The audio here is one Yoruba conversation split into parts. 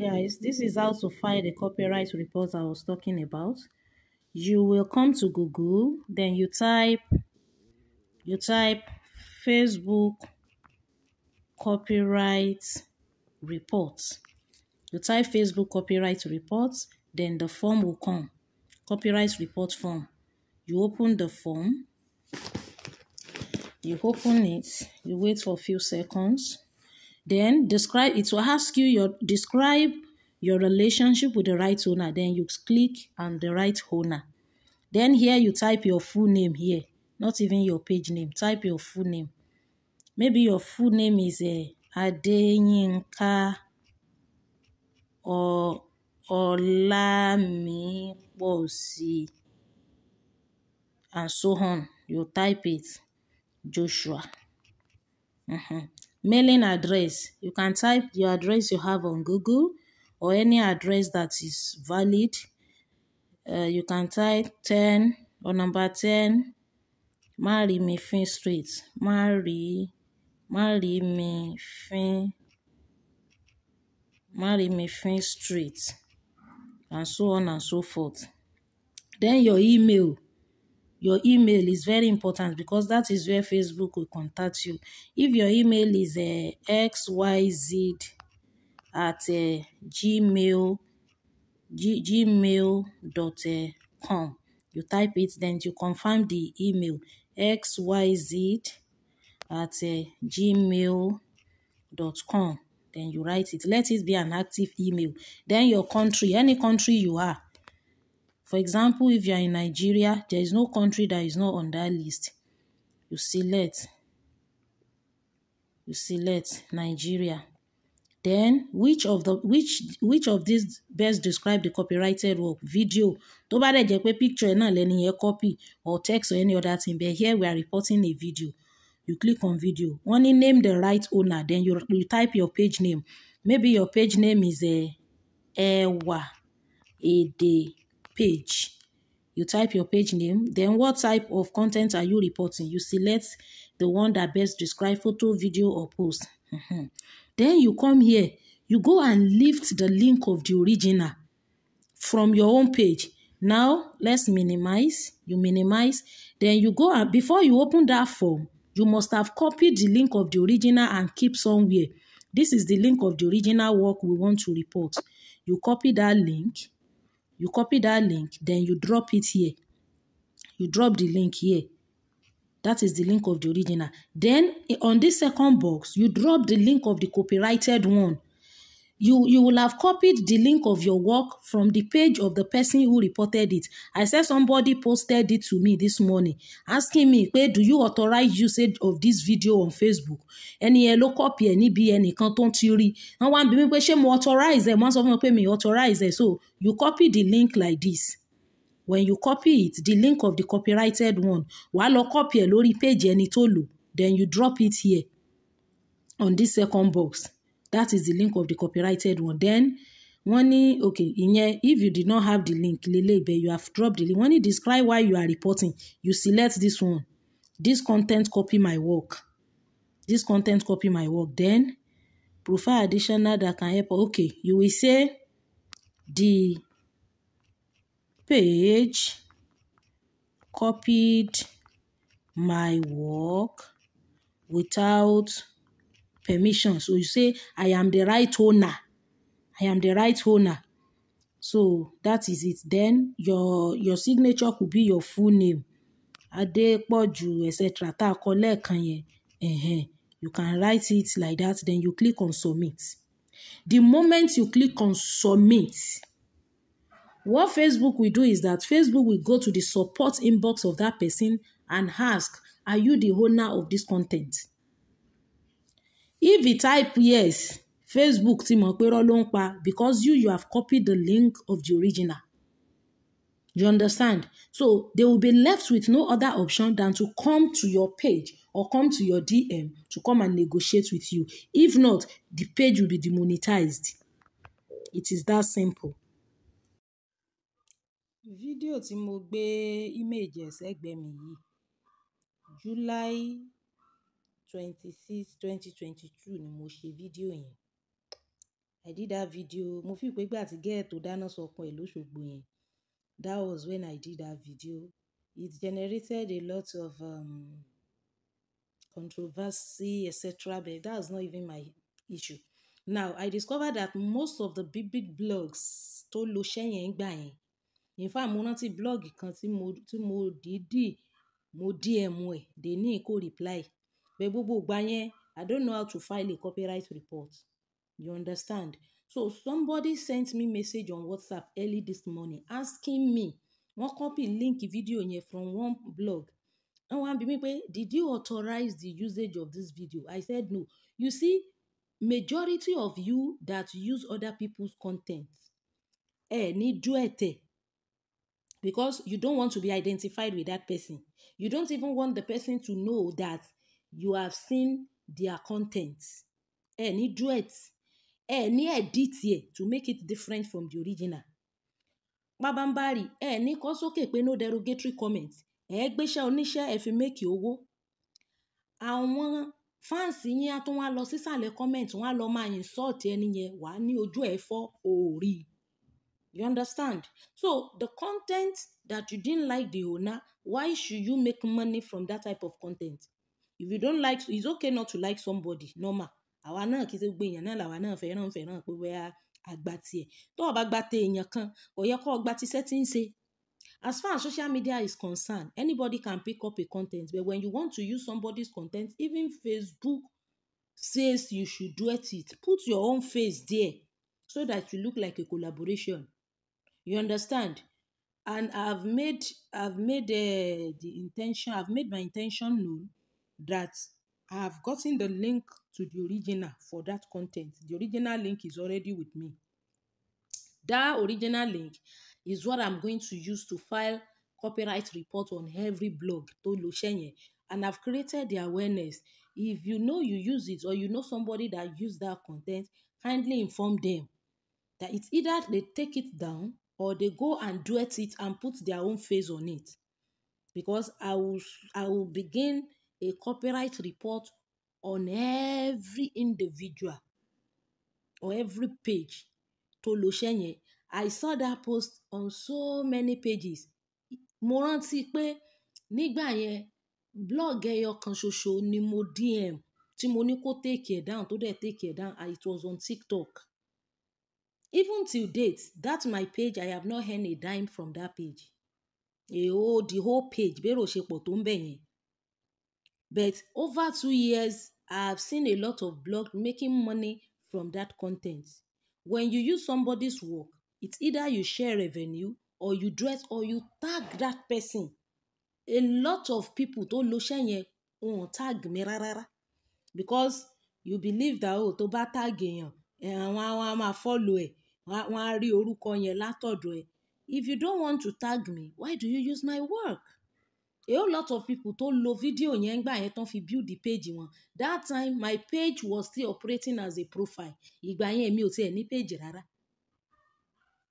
guys this is how to file the copyright report i was talking about you will come to google then you type you type facebook copyright reports you type facebook copyright reports then the form will come copyright report form you open the form you open it you wait for a few seconds Then describe it will ask you your describe your relationship with the right owner. Then you click on the right owner. Then here you type your full name here, not even your page name. Type your full name. Maybe your full name is uh, Adeyinka or Olamiposi and so on. You type it, Joshua. Mm-hmm. Mailing address. You can type the address you have on Google or any address that is valid. Uh, you can type 10 or number 10 Marry Street. Marry, Marry Me Fin, Marry Street, and so on and so forth. Then your email your email is very important because that is where Facebook will contact you. If your email is a uh, eh, xyz at uh, gmail g- gmail.com, eh, you type it, then you confirm the email xyz at uh, gmail.com. Then you write it. Let it be an active email. Then your country, any country you are For example, if you are in Nigeria, there is no country that is not on that list. You select, you select Nigeria. Then which of the which which of these best describe the copyrighted work? Video. To bá dẹ̀ jẹ́ pé picture ẹ̀ náà lẹ́ni copy or text or any other thing but here we are reporting a video. You click on video. Only name the right owner then you, you type your page name. Maybe your page name is a Ẹ̀wà Èdè. page. You type your page name, then what type of content are you reporting? You select the one that best describe photo, video, or post. Mm-hmm. Then you come here, you go and lift the link of the original from your own page. Now, let's minimize. You minimize. Then you go and before you open that form, you must have copied the link of the original and keep somewhere. This is the link of the original work we want to report. You copy that link you copy that link then you drop it here you drop the link here that is the link of the original then eh, on this second box you drop the link of the copyrighted one you you will have copied the link of your work from the page of the person who reported it i said somebody posted it to me this morning asking me pé do you authorize usage of this video on facebook ẹni yẹn ló copy ẹ níbi ẹnìkan tó ń ti wọn wá ń bi mí pé ṣé mo authorize ẹ mo sọ fún mi pé mi authorize ẹ so you copy the link like this when you copy it the link of the copyrighted one wàá lọ copy ẹ lórí page ẹni tó lò then you drop it here on this second box that is the link of the copyrighted one then wọ́n ní okay ìyẹn if you did not have the link lele ibẹ̀ you have dropped the link wọ́n ní describe why you are reporting you select this one this content copy my work this content copy my work then provide additional that can help okay you will say the page copied my work without permission. So you say, I am the right owner. I am the right owner. So that is it. Then your your signature could be your full name. Adepoju, etc. Ta kọ lẹ́ẹ̀kan yẹn. uh You can write it like that. Then you click on submit. The moment you click on submit, what Facebook will do is that Facebook will go to the support inbox of that person and ask, are you the owner of this content? if you type yes facebook ti mọ̀ pé irọ́ ló ń pa because you you have copied the link of the original you understand so they will be left with no other option than to come to your page or come to your dm to come and negotiate with you if not the page will be demonetized it is that simple. fídíò tí mo gbé íméèjì ẹ̀sẹ̀gbẹ́ mi yìí july twenty six twenty twenty two ni mo ṣe fídíò yẹn I did that video mo fi pé gbà tí gẹ́ẹ̀ tó dáná sọkun ẹ̀ lóṣogbo yẹn that was when I did that video it generated a lot of um, controversy etc but that that's not even my issue now I discovered that most of the big big blogs tó lo ṣẹ́yìn ń gbà yẹn in fact mo rántí blog kan tí mo tí mo dìídì mo dm ẹ dèní kò reply bẹ gbogbo ìgbà yẹn I don't know how to file a copyright report you understand so somebody sent me message on WhatsApp early this morning asking me wọ́n copy link video yẹn from one blog wọ́n wá bi mí pé did you authorize the usage of this video I said no you see majority of you that use other people's content ẹ ní dú ẹ̀tẹ̀ because you don't want to be identified with that person you don't even want the person to know that you have seen their content ẹ ní duet ẹ ní edit ẹ to make it different from the original pabambari ẹ ní kọ sókè pé no derogatory comment ẹ gbéṣẹ́ oníṣẹ́ ẹ fi make owó àwọn fáǹsì yín á tún wá lọ sísàlẹ̀ comment wọ́n á lọ máa insult ẹni yẹn wàá ní ojú ẹ̀ fọ́ òòrì you understand so the content that you didn't like the owner why should you make money from that type of content if you don't like it's okay not to like somebody normal àwa náà kì í ṣe gbogbo èèyàn náà làwa náà fẹ́ràn fẹ́ràn pé bóyá àgbà tiẹ̀ tó o bá gba ti èèyàn kan kò yẹ kó o gba ti setting ṣe as far as social media is concerned anybody can pick up a content but when you want to use somebody's content even Facebook says you should do it put your own face there so that you look like a collaboration you understand and I've made I've made uh, the intention I've made my intention known that I have gotten the link to the original for that content. The original link is already with me. That original link is what I'm going to use to file copyright report on every blog to Lushenye. And I've created the awareness. If you know you use it or you know somebody that used that content, kindly inform them that it's either they take it down or they go and duet it and put their own face on it. Because I will I will begin a copyright report on every individual or every page tó lo iṣẹ́ I saw that post on so many pages. Mo rántí pé nígbà yẹn blog ẹyọ kan ṣoṣo ni mo DM tí mo ní kó take ẹ̀ down tó dẹ̀ take ẹ̀ down it was on TikTok. Even till date, that my page, I have not earned a dime from that page. Èèó the whole page bẹ́rò ṣe pọ̀ tó ń bẹ̀ yẹn. But over two years, I've seen a lot of blogs making money from that content. When you use somebody's work, it's either you share revenue or you dress or you tag that person. A lot of people tó lo iṣẹ́ yẹn wọn tag mi rárá because you believe that o oh, tó bá tag èèyàn àwọn eh, àwọn a máa follow ẹ̀ wọ́n á rí orúkọ yẹn látọ̀dọ̀ ẹ̀. If you don't want to tag me, why do you use my work? a whole lot of people tó lo video. yẹn gbà yẹn tán fi build the page wọn that time my page was still operating as a profile ìgbà yẹn mi ò tiẹ̀ ní page rárá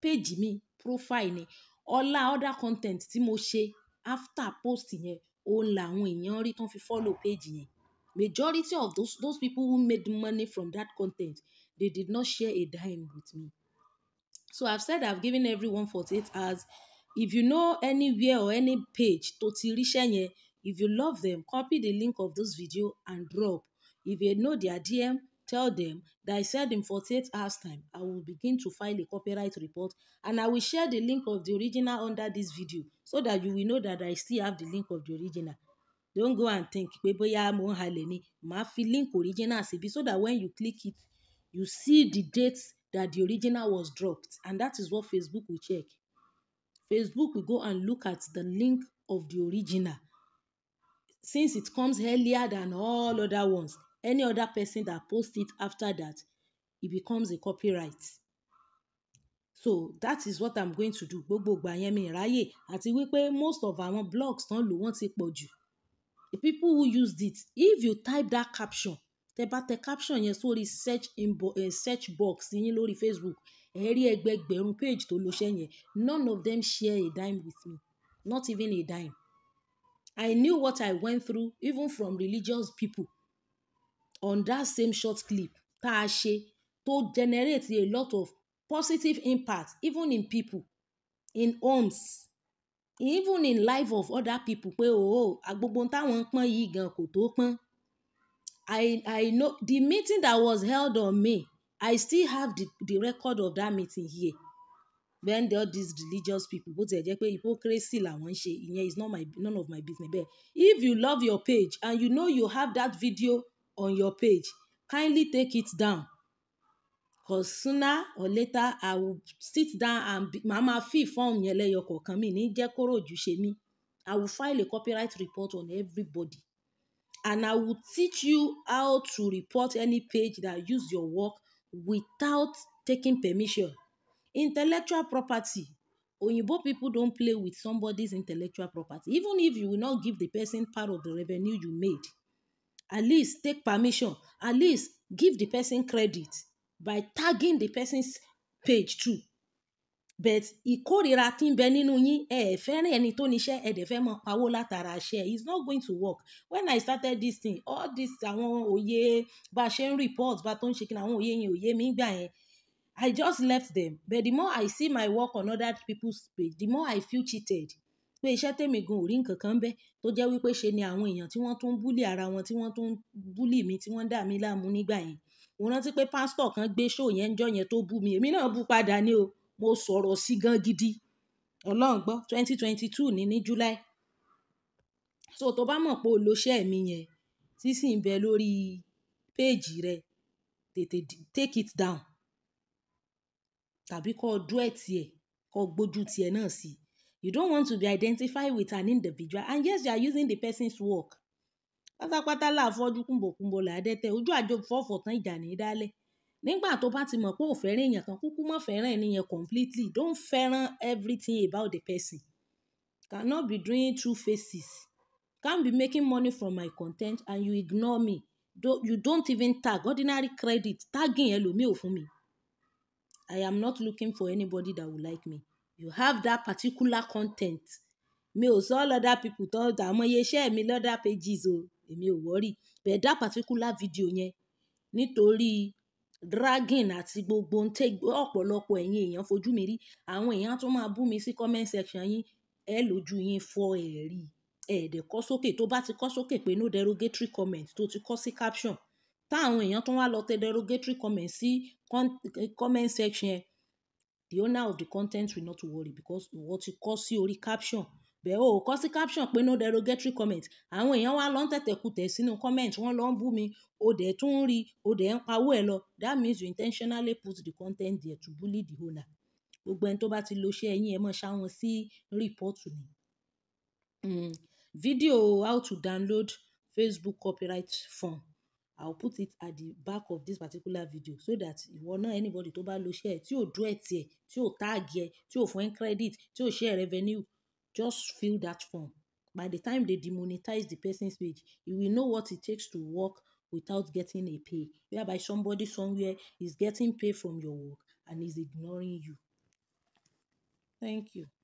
page mi profile ni ọlá other content tí mo ṣe after post yẹn òun làwọn èèyàn rí tán fi follow page yẹn majority of those those people who made money from that content they did not share a dime with me so I've said I've given everyone forty-eight hours If you know anywhere or any page tó ti ríṣẹ́ if you love them, copy the link of this video and drop. If you know their DM, tell them that I said in 48 hours time, I will begin to file a copyright report and I will share the link of the original under this video so that you will know that I still have the link of the original. Don't go and think pé bóyá mo ń halẹ̀ ni, màá fi link original síbi so that when you click it, you see the dates that the original was dropped and that is what Facebook will check. Facebook, we go and look at the link of the original. Since it comes earlier than all other ones, any other person that post it after that, it becomes a copyright. So that is what I'm going to do. Gbogbo ìgbà yẹn mi ráyè àti wípé most of our blogs tán lò wọ́n ti pọ̀ jù. The people who used it, if you type that caption tẹ bá tẹ caption yẹn sórí search inbo uh, search box yín lórí Facebook ẹ rí ẹgbẹgbẹ̀rún page tó lo iṣẹ́ yẹn none of them share a dime with me not even a dime I knew what I went through even from religious people on that same short clip tá a ṣe tó generate a lot of positive impact even in people in homes even in life of other people pé o oh, agbogbo oh, táwọn ń pọ́n yìí gan kò tó pọ́n I I know the meeting that was held on May, I still have the, the record of that meeting here. When are these religious people bó tilẹ̀ jẹ́ pé hypocrisy làwọn ń ṣe ìyẹn is not my none of my business bẹ́ẹ̀ if you love your page and you know you have that video on your page kindly take it down cause sooner or later I will sit down and be màá máa fi fọ́ọ̀mù yẹn lẹ́yọ kọ̀ọ̀kan mi ní jẹ́ I will file a copyright report on everybody and I will teach you how to report any page that use your work without taking permission. Intellectual property. Oyinbo people don't play with somebody's intellectual property. Even if you will not give the person part of the revenue you made, at least take permission. At least give the person credit by tagging the person's page too but ìkórira tí ń bẹ nínú yín ẹ ẹ fẹ́ràn ẹni tó níṣẹ́ ẹ dẹ̀ fẹ́ mọ pawó látara ṣẹ́ it's not going to work when i started this thing all this àwọn òye bá a ṣe ń report bá a tó ń ṣe kí ni àwọn òye yẹn òye mi gbà yẹn i just left them but the more i see my work on other people's page the more i feel cheated pé iṣẹ́ tèmi gan ò rí nǹkan kan bẹ́ẹ̀ tó jẹ́ wípé ṣe ni àwọn èèyàn tí wọ́n tún ń búlì ara wọn tí wọ́n tún ń búlì mi tí wọ́n ń dà mí láàmú nígbà yẹn mo rántí pé pásítọ̀ kan gbé ṣó yẹn ń jọ́ yẹn tó bú mi èmi náà bú padà ni o mo sọ̀rọ̀ sí gan gidi ọlọ́run gbọ́ twenty twenty two ní ní july so tó bá mọ̀ pé o lo iṣẹ́ mi yẹn tí sì ń bẹ lórí péèjì rẹ tètè take it down tàbí kọ́ ọdún ẹ̀ tiẹ̀ kọ́ gbójú tiẹ̀ náà sí you don't want to be identified with an individual and yes you are using the person's work pátápátá láàfọ́jú kúnbọ̀kúnbọ̀ làádẹ́tẹ̀ ojú àjò fọ́fọ̀ tán ìjà ní í dálẹ̀ nígbà tó bá ti mọ̀ pé ò fẹ́ràn èèyàn kan kúkú mọ̀ fẹ́ràn ẹni yẹn completely don't fẹ́ràn everything about the person cannot be doing two faces can't be making money from my content and you ignore me Do, you don't even tag ordinary credit tagging ẹlòmíì ò fún mi I am not looking for anybody that would like me you have that particular content mi ò sọ lọ́dà people tó àwọn iye iṣẹ́ mi lọ́dà pages o èmi ò wọ́rì but that particular video yẹn nítorí dragging àti gbogbo ń tẹ ọ̀pọ̀lọpọ̀ ẹ̀yin èèyàn fojú mi rí àwọn èèyàn tó máa bú mi sí comment section yín ẹ lójú yín fọ ẹ̀ rí ẹ̀ẹ́dẹ̀ kọ́ sókè tó bá ti kọ́ sókè pé no derogatory comment tó ti kọ́ sí caption táwọn èèyàn tó wá lọ tẹ derogatory comment sí comment section the owner of the content will not worry because ìwọ ti kọ́ sí orí caption bẹ́ẹ̀ o kọ́ sí caption pé no derogatory comment àwọn èèyàn wa lọ ń tẹ̀tẹ̀ kutẹ̀ sínú comment wọ́n lọ ń bú mi o dẹ̀ tún ń rí o dẹ̀ ń pawó ẹ̀ lọ that means you intentionally put the content there to bully the owner gbogbo ẹni tó bá ti lo iṣẹ́ ẹ̀yìn ẹ̀ mọ̀ ṣáwọn sí rìpọ́ọ̀tù ni. Hmm, video how to download Facebook copyright form I'll put it at the back of this particular video so that ìwọ náà anybody tó bá lo iṣẹ́ ẹ̀ tí ò dúró ẹ̀ tiẹ̀ tí ò táàgì ẹ̀ tí ò fún ẹ̀ credit tí ò share revenue just fill that form by the time they demonetize the person's page you will know what it takes to work without getting a pay whereby somebody somewhere is getting pay from your work and is ignoring you thank you